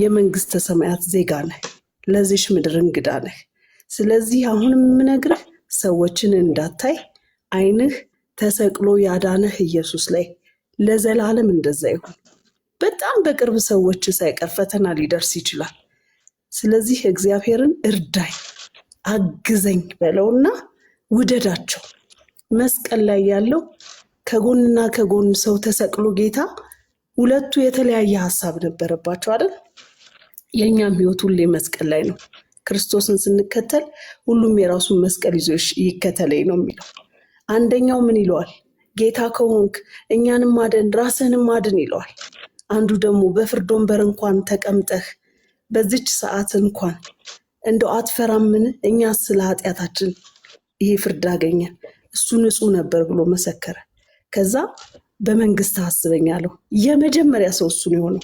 የመንግስተ ሰማያት ዜጋ ነህ፣ ለዚሽ ምድር እንግዳ ነህ። ስለዚህ አሁን የምነግርህ ሰዎችን እንዳታይ አይንህ ተሰቅሎ ያዳነህ ኢየሱስ ላይ ለዘላለም እንደዛ ይሁን። በጣም በቅርብ ሰዎች ሳይቀር ፈተና ሊደርስ ይችላል። ስለዚህ እግዚአብሔርን እርዳኝ አግዘኝ በለውና ውደዳቸው። መስቀል ላይ ያለው ከጎንና ከጎን ሰው ተሰቅሎ ጌታ ሁለቱ የተለያየ ሀሳብ ነበረባቸው አይደል? የእኛም ህይወት ሁሌ መስቀል ላይ ነው። ክርስቶስን ስንከተል ሁሉም የራሱን መስቀል ይዞ ይከተለኝ ነው የሚለው። አንደኛው ምን ይለዋል? ጌታ ከሆንክ እኛንም ማደን ራስህንም ማድን ይለዋል። አንዱ ደግሞ በፍርድ ወንበር እንኳን ተቀምጠህ በዚች ሰዓት እንኳን እንደው አትፈራምን? እኛ ስለ ኃጢአታችን ይሄ ፍርድ አገኘን፣ እሱ ንጹሕ ነበር ብሎ መሰከረ። ከዛ በመንግስት አስበኛለሁ። የመጀመሪያ ሰው እሱ ነው የሆነው።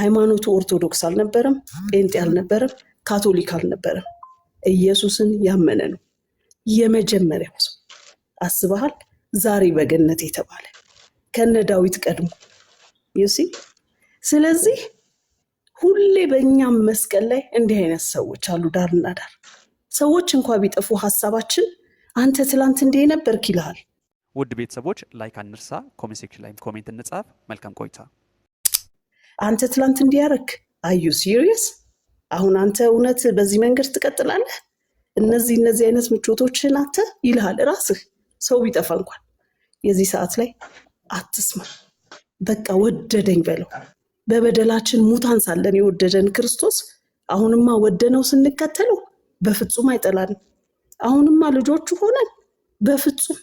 ሃይማኖቱ ኦርቶዶክስ አልነበረም፣ ጴንጤ አልነበረም፣ ካቶሊክ አልነበረም። ኢየሱስን ያመነ ነው የመጀመሪያው ሰው። አስበሃል? ዛሬ በገነት የተባለ ከነ ዳዊት ቀድሞ ዩሲ። ስለዚህ ሁሌ በእኛም መስቀል ላይ እንዲህ አይነት ሰዎች አሉ ዳርና ዳር። ሰዎች እንኳ ቢጠፉ ሀሳባችን አንተ ትላንት እንዲህ ነበርክ ይልሃል። ውድ ቤተሰቦች ላይክ አንርሳ፣ ኮሜንት ሴክሽን ላይ ኮሜንት እንጻፍ። መልካም ቆይታ አንተ ትላንት እንዲያረክ አዩ ሲሪየስ? አሁን አንተ እውነት በዚህ መንገድ ትቀጥላለህ? እነዚህ እነዚህ አይነት ምቾቶች አንተ ይልሃል ራስህ ሰው ቢጠፋ እንኳን የዚህ ሰዓት ላይ አትስማ። በቃ ወደደኝ በለው። በበደላችን ሙታን ሳለን የወደደን ክርስቶስ አሁንማ ወደነው ስንከተለው በፍጹም አይጠላንም። አሁንማ ልጆቹ ሆነን በፍጹም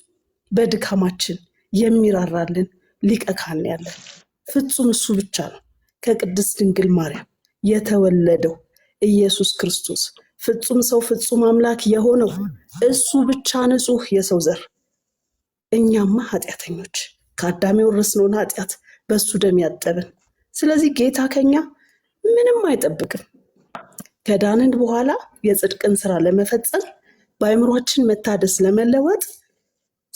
በድካማችን የሚራራልን ሊቀ ካህን ያለን ፍጹም እሱ ብቻ ነው። ከቅድስት ድንግል ማርያም የተወለደው ኢየሱስ ክርስቶስ ፍጹም ሰው ፍጹም አምላክ የሆነው እሱ ብቻ ንጹህ የሰው ዘር እኛማ ኃጢአተኞች ከአዳም የወረስነውን ኃጢአት በእሱ ደም ያጠብን። ስለዚህ ጌታ ከኛ ምንም አይጠብቅም። ከዳንን በኋላ የጽድቅን ስራ ለመፈጸም በአእምሯችን መታደስ ለመለወጥ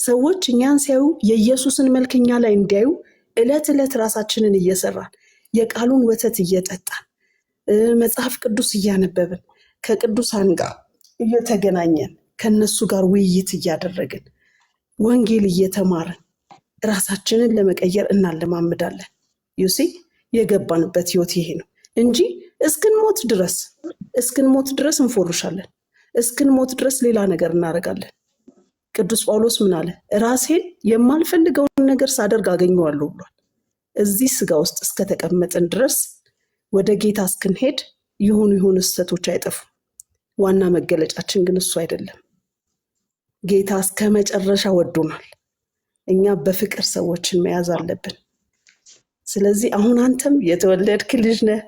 ሰዎች እኛን ሲያዩ የኢየሱስን መልክ እኛ ላይ እንዲያዩ ዕለት ዕለት ራሳችንን እየሰራን የቃሉን ወተት እየጠጣን መጽሐፍ ቅዱስ እያነበብን ከቅዱሳን ጋር እየተገናኘን ከነሱ ጋር ውይይት እያደረግን ወንጌል እየተማርን ራሳችንን ለመቀየር እናለማምዳለን። ዩሲ የገባንበት ህይወት ይሄ ነው እንጂ እስክንሞት ድረስ እስክንሞት ድረስ እንፎርሻለን። እስክንሞት ድረስ ሌላ ነገር እናደርጋለን። ቅዱስ ጳውሎስ ምን አለ? ራሴን የማልፈልገውን ነገር ሳደርግ አገኘዋለሁ ብሏል። እዚህ ስጋ ውስጥ እስከተቀመጥን ድረስ ወደ ጌታ እስክንሄድ የሆኑ የሆኑ እሰቶች አይጠፉም። ዋና መገለጫችን ግን እሱ አይደለም። ጌታ እስከ መጨረሻ ወዶናል። እኛ በፍቅር ሰዎችን መያዝ አለብን። ስለዚህ አሁን አንተም የተወለድክ ልጅ ነህ።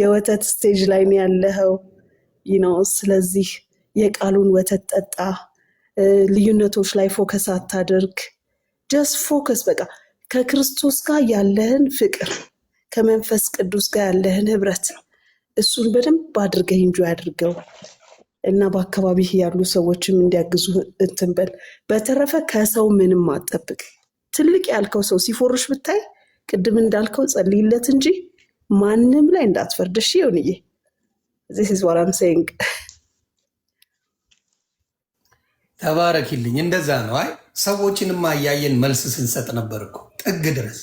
የወተት ስቴጅ ላይ ነው ያለኸው ነው። ስለዚህ የቃሉን ወተት ጠጣ። ልዩነቶች ላይ ፎከስ አታድርግ። ጀስት ፎከስ በቃ ከክርስቶስ ጋር ያለህን ፍቅር ከመንፈስ ቅዱስ ጋር ያለህን ህብረት ነው። እሱን በደንብ አድርገህ እንጆ ያድርገው እና በአካባቢህ ያሉ ሰዎችም እንዲያግዙ እንትን በል። በተረፈ ከሰው ምንም አጠብቅ። ትልቅ ያልከው ሰው ሲፎርሽ ብታይ ቅድም እንዳልከው ጸልይለት እንጂ ማንም ላይ እንዳትፈርድ። እሺ ይሁንዬ። ተባረኪልኝ። እንደዛ ነው። አይ ሰዎችንማ እያየን መልስ ስንሰጥ ነበር እኮ ጥግ ድረስ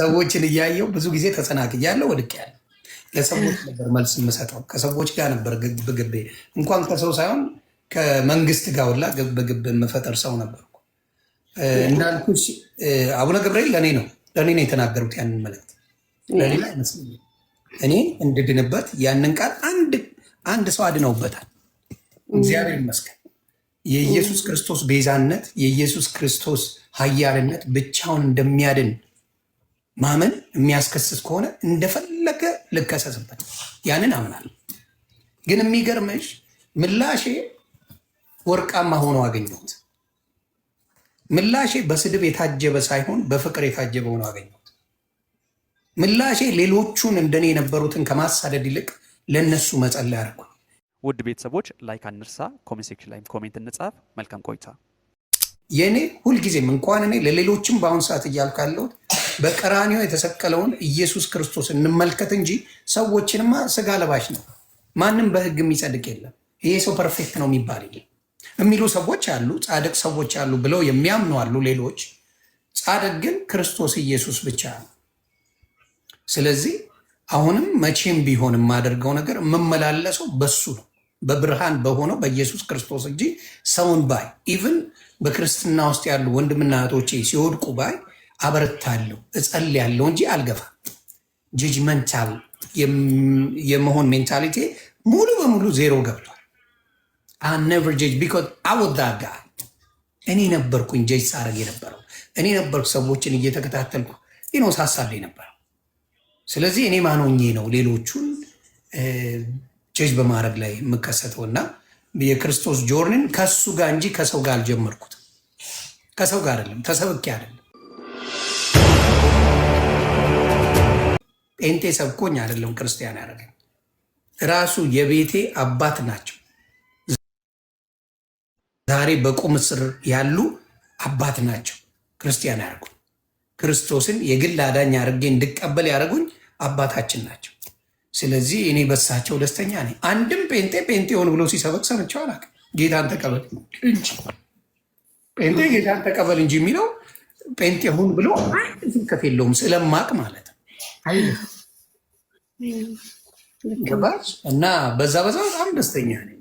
ሰዎችን እያየው ብዙ ጊዜ ተሰናክያለሁ፣ ወድቄያለሁ። ለሰዎች ነበር መልስ የምሰጠው። ከሰዎች ጋር ነበር ግብ ግቤ። እንኳን ከሰው ሳይሆን ከመንግስት ጋር ሁላ ግብ ግብ የምፈጠር ሰው ነበር። እንዳልኩሽ አቡነ ገብርኤል ለእኔ ነው ለእኔ ነው የተናገሩት ያንን መልእክት ለሌላ አይመስለኝም። እኔ እንድድንበት ያንን ቃል አንድ አንድ ሰው አድነውበታል። mm. እግዚአብሔር ይመስገን። የኢየሱስ ክርስቶስ ቤዛነት የኢየሱስ ክርስቶስ ኃያልነት ብቻውን እንደሚያድን ማመን የሚያስከስስ ከሆነ እንደፈለገ ልከሰስበት፣ ያንን አምናል። ግን የሚገርምሽ ምላሼ ወርቃማ ሆኖ አገኘሁት። ምላሼ በስድብ የታጀበ ሳይሆን በፍቅር የታጀበ ሆኖ አገኘሁት። ምላሼ ሌሎቹን እንደኔ የነበሩትን ከማሳደድ ይልቅ ለእነሱ መጸለይ አድርጓል። ውድ ቤተሰቦች ላይክ አንርሳ፣ ኮሜንት ሴክሽን ላይ ኮሜንት እንጻፍ። መልካም ቆይታ። የእኔ ሁልጊዜም እንኳን እኔ ለሌሎችም በአሁን ሰዓት እያልኩ ያለሁት በቀራኒዮ የተሰቀለውን ኢየሱስ ክርስቶስ እንመልከት እንጂ ሰዎችንማ ስጋ ለባሽ ነው። ማንም በህግ የሚጸድቅ የለም። ይሄ ሰው ፐርፌክት ነው የሚባል የሚሉ ሰዎች አሉ፣ ጻድቅ ሰዎች አሉ ብለው የሚያምኑ አሉ ሌሎች። ጻድቅ ግን ክርስቶስ ኢየሱስ ብቻ ነው። ስለዚህ አሁንም መቼም ቢሆን የማደርገው ነገር የምመላለሰው በሱ ነው። በብርሃን በሆነው በኢየሱስ ክርስቶስ እንጂ ሰውን ባይ ኢቭን በክርስትና ውስጥ ያሉ ወንድምና እህቶቼ ሲወድቁ ባይ አበረታለሁ፣ እጸልያለሁ እንጂ አልገፋ። ጀጅመንታል የመሆን ሜንታሊቲ ሙሉ በሙሉ ዜሮ ገብቷል። ነቨር ጀጅ ቢኮዝ አወዳጋ እኔ ነበርኩኝ ጀጅ ሳረግ የነበረው እኔ ነበርኩ ሰዎችን እየተከታተልኩ ነው ሳሳለ የነበረው። ስለዚህ እኔ ማኖኜ ነው ሌሎቹን ቼጅ በማድረግ ላይ የምከሰተው እና የክርስቶስ ጆርኒን ከሱ ጋር እንጂ ከሰው ጋር አልጀመርኩትም። ከሰው ጋር አይደለም፣ ተሰብኬ አይደለም፣ ጴንጤ ሰብኮኝ አይደለም ክርስቲያን ያደረገኝ። ራሱ የቤቴ አባት ናቸው። ዛሬ በቁም ስር ያሉ አባት ናቸው። ክርስቲያን ያደርጉኝ ክርስቶስን የግል አዳኝ አድርጌ እንድቀበል ያደርጉኝ አባታችን ናቸው። ስለዚህ እኔ በሳቸው ደስተኛ ነኝ። አንድም ጴንጤ ጴንጤ ሆን ብሎ ሲሰበክ ሰምቼው አላውቅም። ጌታን ተቀበል እንጂ ጴንጤ ጌታን ተቀበል እንጂ የሚለው ጴንጤ ሁን ብሎ አንድ ከፍ የለውም ስለማቅ ማለት ነው። ገባች እና በዛ በዛ በጣም ደስተኛ ነኝ።